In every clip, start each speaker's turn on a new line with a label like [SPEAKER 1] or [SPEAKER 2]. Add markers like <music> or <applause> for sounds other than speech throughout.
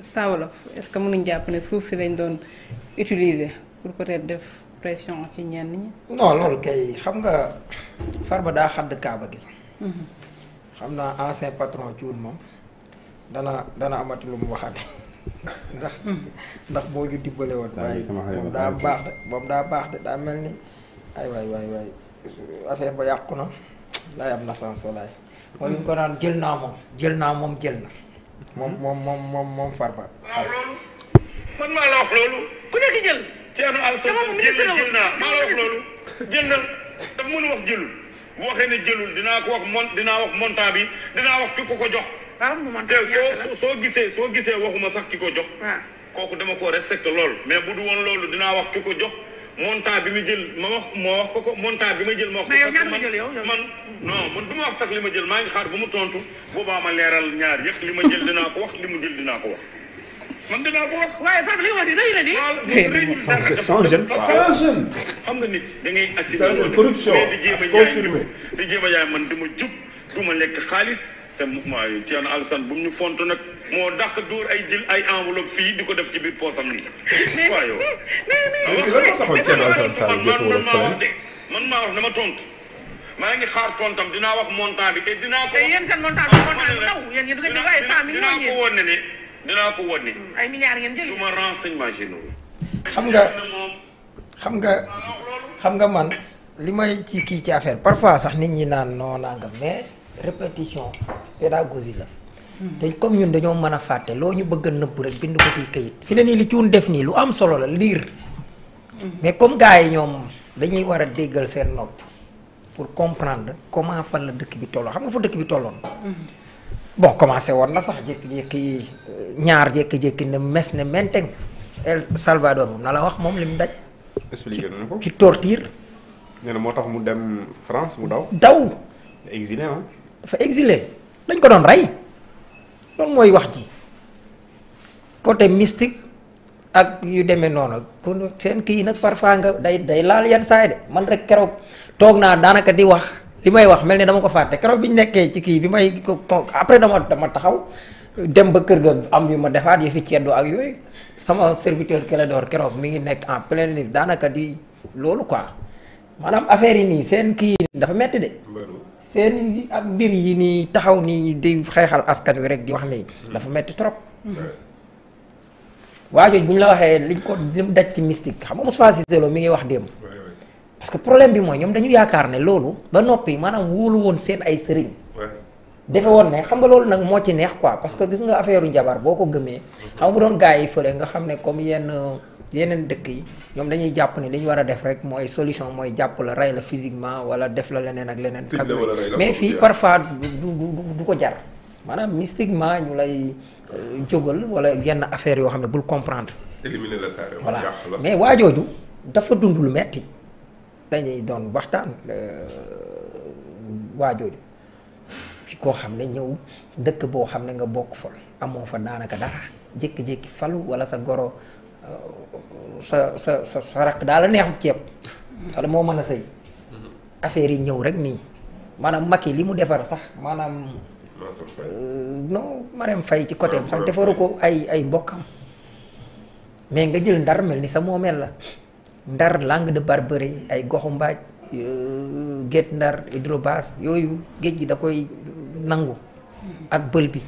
[SPEAKER 1] Saa Wolof est-ce que mënuñ jàpp ne suuf si lañ doon utiliser pour peut-être def pression ci ñenn ñi. non loolu kay xam nga far ba daa xadd kaaba gi. Mhm. xam naa ancien patron Thioune moom dana dana amati lu mu waxaat ndax. Mhm. ndax boo ñu dimbale woon. moom baax de daa baax daa mel ni ay waay waay waay affaire ba yàqu na laay am na sens walaay. jël naa moom jël naa moom jël na. moom hmm? moom moom moom moom Farba. waaw loolu man maa la wax loolu. ku nekk jël. Thierno Alassane jël na jël naa maa la wax loolu. jël na dafa mën a wax jëlul. bu waxee ne jëlul dinaa ko wax mon dinaa wax montant bi dinaa wax ki ko ko jox. ah te soo soo gisee soo gisee waxuma sax ki ko jox. kooku dama koo respecté lool. mais bu du woon loolu dinaa wax ki ko jox. monta bi ma jël ma wax ma wax ko ko montant bi ma jël ma wax ko man non man du ma wax li ma jël maa ngi xaar bu mu tontu boobaa ma leeral ñaar yëpp li ma jël dinaa ko wax li mu jël dinaa ko wax man dinaa ko wax waaye Pape li nga wax nii rëy na nii. xam nga nit da ngay assuré corruption di jéem a jaay man du jub du ma lekk xaalis te mouvement yi Thierno Alassane bu mu ñu font nag moo dàq dóor ay jël ay enveloppe fii di ko def ci biir poosam nii. waaye yow. man maa wax de man tontu. maa ngi xaar tontam dinaa wax montant bi te dinaa ko. yéen seen montant ah, bi montant bi ndaw xam nga xam nga xam nga man li may ci kii ci affaire parfois sax nit ñi naan non nangam répétition pédagogie la. te comme ñun dañoo mën a fàtte loo ñu bëgg a nëbb rek bind ko ci kayit. fi ne nii li cuun def nii lu am solo la liir. mais comme gars yi ñoom dañuy war a déggal seen nopp pour comprendre comment fan la dëkk bi tolloo xam nga fa dëkk bi tolloon. bon commencé woon na sax jékki-jékki euh, ñaar jékki-jékki ne mes ne menteng El Salvador moom na la wax moom li mu daj. expliqué nañu ko ci torture. nee moo tax mu dem France mu daw. daw. dafa exilé dañ ko doon rey loolu mooy wax ji côté mystique ak yu demee noonu kon seen kii nag parfois nga day day laal yenn saay de man rek keroog toog naa daanaka di wax li may wax mel ni dama ko fàtte keroog bi ñu nekkee ci kii bi may ko après dama dama taxaw dem ba kër ga am yu ma defaat yu fi ceddo ak yooyu sama serviteur Clédor keroog mi ngi nekk en plein daanaka di loolu quoi maanaam affaire yi nii seen kii dafa metti de. seen ak mbir yi nii taxaw nii di xeexal askan wi rek di wax nii mm-hmm. dafa metti trop mm-hmm. waa jooju bu ñu la waxee liñ ko li mu daj ci mystique xam nga Moustapha Cissé Lo mi ngi wax démb parce que problème bi mooy ñoom dañu yaakaar ne loolu ba noppi maanaam wóolu woon seen ay sëriñ defe woon ne xam nga loolu nag moo ci neex quoi parce que gis nga affaire u njabar boo ko gëmee mm-hmm. xam nga doon gars yi fële nga xam ne comme yenn yeneen dëkk yi ñoom dañuy jàpp ne li war a def rek mooy solution mooy jàpp la rey la physiquement wala def la leneen ak leneen. mais fii parfois du du du ko jar. maanaam mystiquement ñu lay euh, jógal wala yenn affaire yoo xam ne bul comprendre. éliminer la carrément voilà mais waajooju dafa dund lu metti dañuy doon waxtaan euh, waajooju ci koo xam ne ñëw dëkk boo xam ne nga bokk fa amoo fa daanaka dara jékki-jékki falu wala sa goro sa sa sa sa rakk daal a neexu ceeb wala moo mën a sëy mhm. affaire yi ñëw rek nii maanaam Macky li mu defar sax maanaam euh, non Marème fay ci côté am sax defaru ko ay ay mbokkam mais nga jël ndar mel ni sa moomeel la ndar langue de Barbarie ay goxu mbaaj euh, gétt ndar hydrobase yooyu géej gi da koy nangu mhm. ak bël bi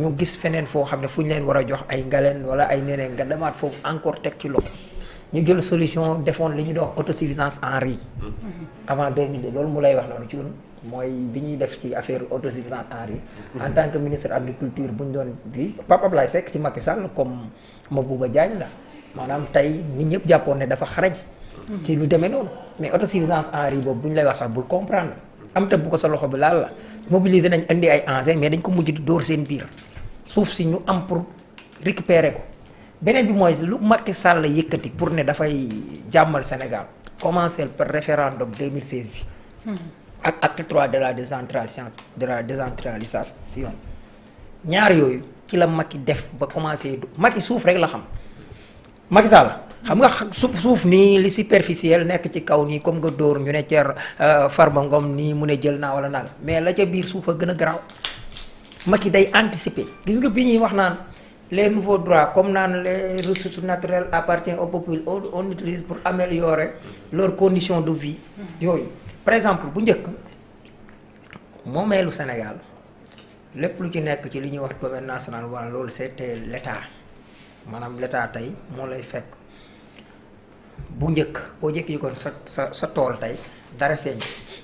[SPEAKER 1] ñu gis feneen foo xam ne fu ñu leen war a jox ay ngaleen wala ay neneen nga demaat foofu encore teg ci loxo ñu jël solution defoon li ñu doon autosuffisance en riz mm-hmm. avant 2002 loolu lay wax noonu ci mooy bi ñuy def ci affaire autosuffisance en riz mm-hmm. en tant que ministre agriculture bu ñu doon bi Pape Ablaye Seck ci Macky Sall comme Mabouba Diagne la maanaam tey nit ñëpp jàppoon ne dafa xaraj mm-hmm. ci lu demee noonu mais autosuffisance en riz boobu bu ñu lay wax sax bul comprendre am te bu ko sa loxo bi laal la mobiliser nañ indi ay engins mais dañ ko mujj door seen biir suuf si ñu am pour récupérer ko beneen bi mooy lu Macky Sall yëkkati pour ne dafay jàmmal Sénégal commencé par référendum 2016 bi. Hmm. ak ak 3 de la décentralisation de la si yoon ñaar yooyu ci la mag Macky def ba commencé du Macky suuf rek la xam mag Sall xam nga suuf suuf nii li superficiel nekk ci kaw nii comme nga dóor ñu ne ceer euh, Farba Ngom nii mu ne jël naa wala naan mais la ca biir suuf a gën a garaaw. Macky day anticiper gis nga bi ñuy wax naan les nouveaux droits comme naan les ressources naturelles appartiennent au peuple on utilise pour améliorer leurs condition de vie yooyu par exemple bu njëkk moomeelu Sénégal lépp lu ci nekk ci li ñuy wax domaine national wala loolu c'était l'état maanaam l'état tey moo lay fekk bu njëkk boo jëkk yi kon sa sa sa tool tey dara feeñ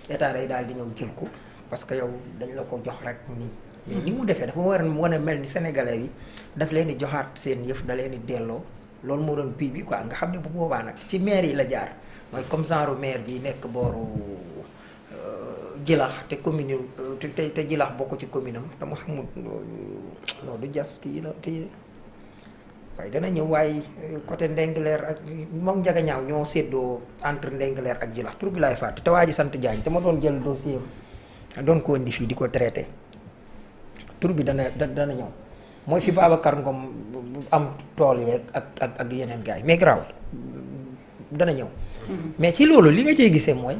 [SPEAKER 1] état day daal di ñëw jël ko parce que yow dañ la ko jox rek nii. mais ni mu defee dafa war a a mel ni sénégalais yi daf leen di joxaat seen yëf da leen di delloo loolu moo doon puits bi quoi nga xam ne bu boobaa ci maire yi la jaar mooy comme genre maire bi nekk booru euh, Jilax te commune euh, te te Jilax bokk ci commune am dama xamul non du jas kii la kii waaye dana ñëw waaye euh, côté Ndengler ak moom Ndiaga ñaaw ñoo séddoo entre Ndengler ak Jilax tur bi laay fàtte te waa ji sant Diagne te ma doon jël dossier doon ko indi fii di ko traité tur bi dana dana ñëw mooy fi Babacar Ngom am tool yeeg ak ak yeneen gaay yi mais garaaw dana ñëw. Mm-hmm. mais ci loolu li nga cee gisee mooy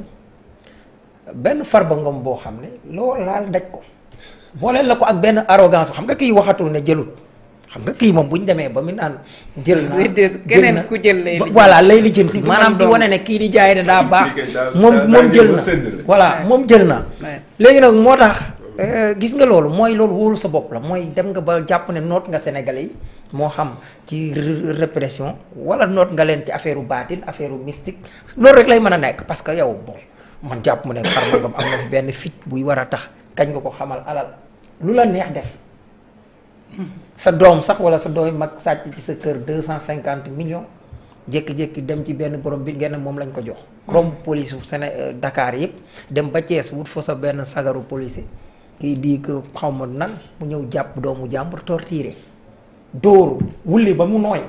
[SPEAKER 1] benn Farba Ngom boo xam ne loo laal daj ko. booleel la ko ak benn arrogance xam nga kiy waxatul ne jëlut. xam nga kii moom bu ñu demee ba mu naan jël na keneen ku jël lay voilà lay lijjanti maanaam di wane ne kii di jaay da daa <laughs> baax moom moom jël na voilà moom jël na léegi nag moo tax euh, gis nga loolu mooy loolu wóolu sa bopp la mooy dem nga ba jàpp ne noot nga Sénégalais yi moo xam ci répression wala noot nga leen ci affaire u baatin affaire u mystique loolu rek lay mën a nekk parce que yow bon man jàpp mu ne Farba Ngom am na fi benn fit buy war a tax kañ nga ko xamal alal lu la neex def sa doom sax wala sa doom mag sàcc ci sa kër deux cent cinquante million jékki-jékki dem ci benn borom bi ngeen moom lañ ko jox. romb police su Séné euh, dakaar yëpp dem ba Thiès wut fa sa benn sagaru policier kii di que xaw ma nan mu ñëw jàpp doomu jàmbur torturé dóoru wulli ba mu nooy.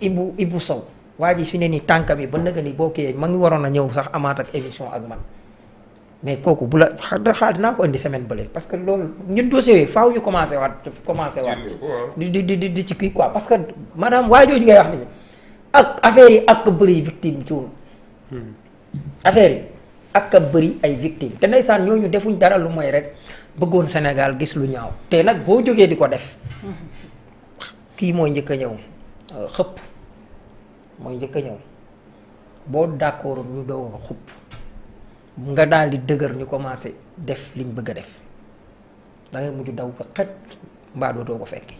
[SPEAKER 1] Ibu Ibu Sow waa ji fi ne nii tànkam yi ba naka ni boo kiiyee ma ngi waroon a ñëw sax amaat ak émission ak man. mais kooku bu la xaar dinaa ko indi semaine bële parce que loolu ñun dossier yooyu faaw ñu commencé waat commencé waat di di di di ci kii quoi parce que madame waaye jooju ngay wax ni ak affaire yi ak bëri victime ci woon hmm. affaire yi ak a bëri ay victime te ndeysaan ñooñu defuñ dara lu mooy rek bëggoon Sénégal gis lu ñaaw te nag boo jógee di ko def kii mooy njëkk a ñëw xëpp mooy njëkk a ñëw boo d'accord ñu doog a xupp nga daal di dëgër ñu commencé def liñ bëgg a def dangay mujj daw ba xet mbaa dootoo ko fekki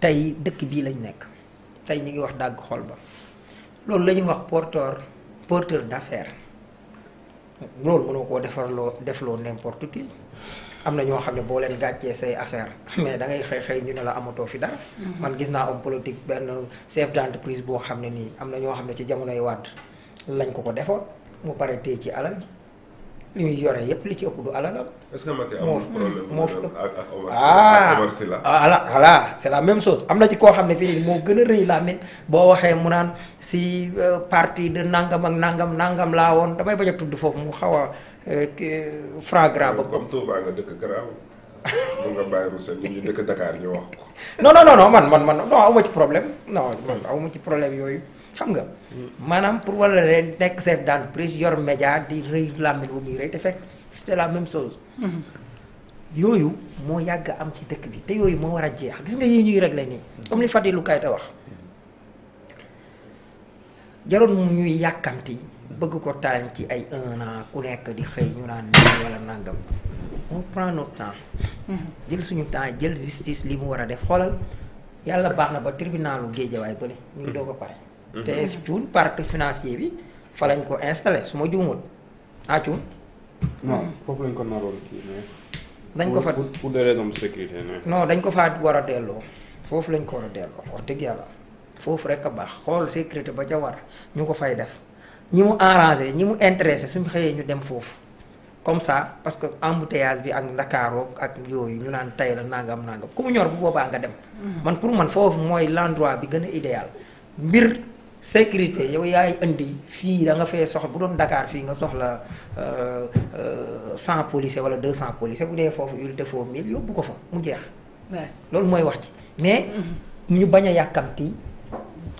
[SPEAKER 1] tey dëkk bii lañ nekk tey ñu ngi wax dàgg xol ba loolu la ñuy wax porteur porteur d'affaires loolu mënoo koo defar loo def loo n'importe am na ñoo xam ne boo leen gàccee say affaire mais da ngay xëy xëy ñu ne la amatoo fi dara. man gis naa homme politique benn chef d'entreprise boo xam ne nii am na ñoo xam ne ci jamonoy Wade lañ ko ko defoo mu pare tey ci alal ji li muy yore yëpp li ci ëpp du alalam. est-ce moo fi ëpp ah! ak Omar Sylla ah c'est la même chose am na ci koo xam ne fii moo gën a rëy laa mel boo waxee mu naan si euh, parti de nangam ak nangam nangam laa woon damay bañ a tudd foofu mu xaw a euh, euh, fragra ba. comme Touba nga dëkk bàyyi Roussel ñun ñu dëkk Dakar ñu wax ko. non non man man man non aw ma ci problème non man aw ma ci problème yooyu. xam nga. maanaam pour wala leen nekk chef d'entreprise yor média di rëy làmmiñ wu muy rëy te fekk c'était la même chose. Mm-hmm. yooyu moo yàgg am ci dëkk bi te yooyu moo war a jeex gis nga yii ñuy réglé nii. comme ni Fadilou Keita wax jaroon ñuy yàkkamti bëgg ko talan ci ay un ku nekk di xëy ñu naan nii wala nangam. on prend notre temps. Mm-hmm. jël suñu temps jël justice li mu war a def xoolal yàlla baax na ba tribunalu Géejawaay bële ñu doog a pare. Mhm. te Cuun parc financier bi fa lañ ko installé su ma juumul ah Cuun. non foofu lañ ko naroon kii mais. dañ ko fa pour pour des raisons de sécurité dañ ko fa war a delloo foofu lañ ko war a delloo wax dëgg yàlla foofu rek baax xool sécurité ba ca war ñu ko fay def ñi mu arrangé ñi mu intéressé suñ xëyee ñu dem foofu. comme ça parce que embouteillage bi ak Ndakaaroo ak yooyu ñu naan tay la nangam nangam ku mu ñor bu boobaa nga dem. Mhm. man pour man foofu mooy l'endroit bi gën a idéal mbir. sécurité yow yaay indi fii da nga fee soxla bu doon dakaar fii nga soxla euh, cent policiers wala deux cent policiers bu dee foofu unité foofu mille yóbbu ko fa mu jeex. loolu mooy wax ci mais. Mm-hmm. ñu bañ a yàkkamti.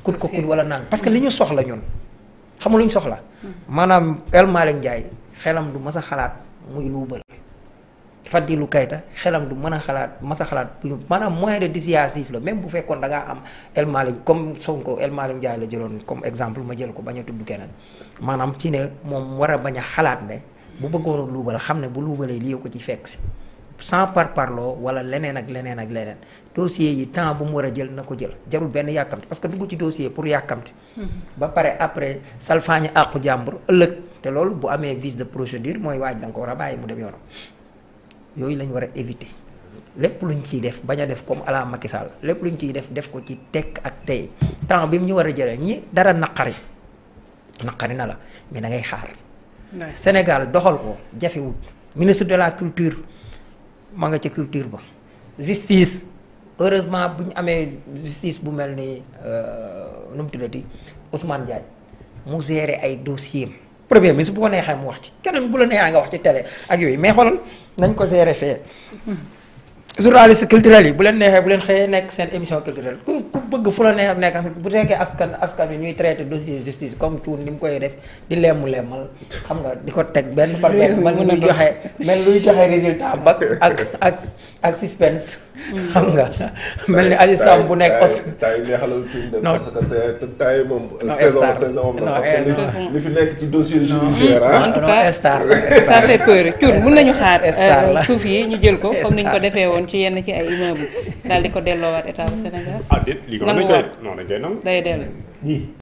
[SPEAKER 1] kut ko kut wala naan parce que li ñu soxla ñun xamul lu ñu soxla. Mm-hmm. maanaam El Malick Ndiaye xelam du ma a xalaat muy luubal. Fadilou kayta xelam du mën a xalaat mas a xalaat maanaam moyen de dissuasif la même bu fekkoon da ngaa am El comme Sonko El Malick Ndiaye la jëloon comme exemple ma jël ko bañ a tudd ci ne moom war bañ a xalaat ne bu bëggoon a luubal xam ne bu luubalee lii ko ci fekk si sans par parloo wala leneen ak leneen ak leneen dossier yi temps bu mu war a jël na ko jël jarul benn yàkkamti parce que dugg ci dossier pour yàkkamti. Mm-hmm. ba pare après salfaañi àqu jàmbur ëllëg te loolu bu amee vice de procédure mooy waaj da a bàyyi mu dem yoonam. yooyu lañ war a éviter lépp luñ ciy def bañ a def comme ala Macky Sall lépp luñ ciy def def ko ci tekk ak tey temps bi mu ñu war a jëlee ñi dara naqari naqari na la mais da ngay xaar. Sénégal doxal ko jafewut ministre de la culture ma nga ca culture ba justice heureusement bu ñu amee justice bu mel ni euh, nu mu tuddati Ousmane Diagne mu géré ay dossiers premier ministre bu ko neexee mu wax ci keneen bu la neexee nga wax ci télé ak yooyu mais xoolal nañ ko gérer fee journaliste culturel yi bu leen neexee bu leen xëyee nekk seen émission culturelle ku ku bëgg fu la neexee bu fekkee askan askan di ko teg benn par benn man luy joxe nga mel ni Aziz Sam bu nekk os non tay moom saison saison li fi nekk ci dossier judiciaire ah. en tout cas star star fait peur tuur mun nañu xaar euh, suuf yi defee woon woon ci yenn ci ay daal di ko delloowaat état bu Sénégal. ah déet lii ko dañ koy nangu day dellu